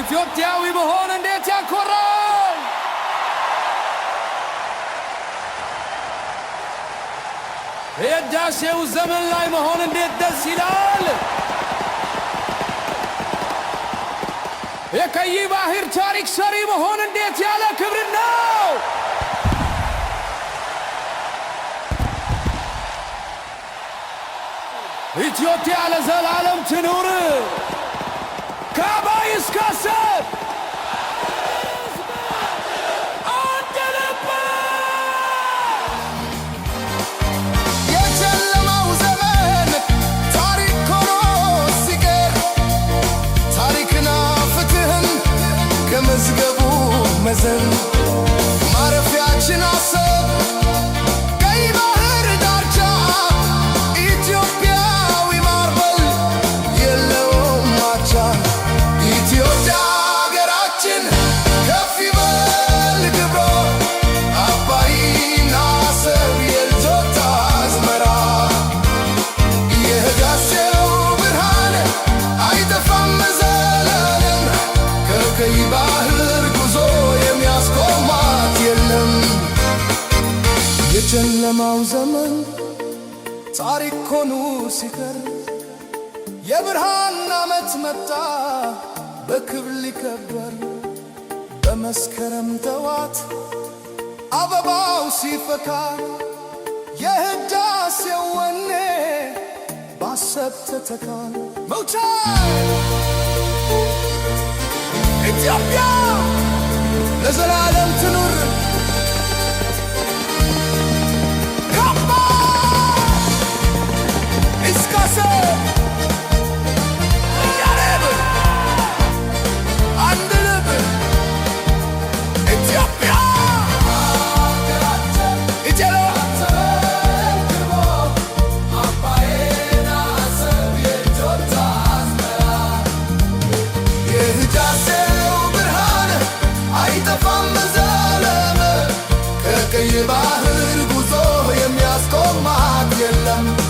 ኢትዮጵያዊ መሆን እንዴት ያኮራል! የህዳሴው ዘመን ላይ መሆን እንዴት ደስ ይላል! የቀይ ባህር ታሪክ ሰሪ መሆን እንዴት ያለ ክብር ነው! ኢትዮጵያ ለዘላለም ትኑር! መዘን ማረፊያችን አሰ የጨለማው ዘመን ታሪክ ሆኖ ሲቀር የብርሃን ዓመት መጣ በክብር ሊከበር በመስከረም ተዋት! አበባው ሲፈካ የህዳሴ ወኔ ባሰብ ተተካል መውቻ ኢትዮጵያ ለዘላለም ትኑር የባህር ጉዞ የሚያስቆማት የለም።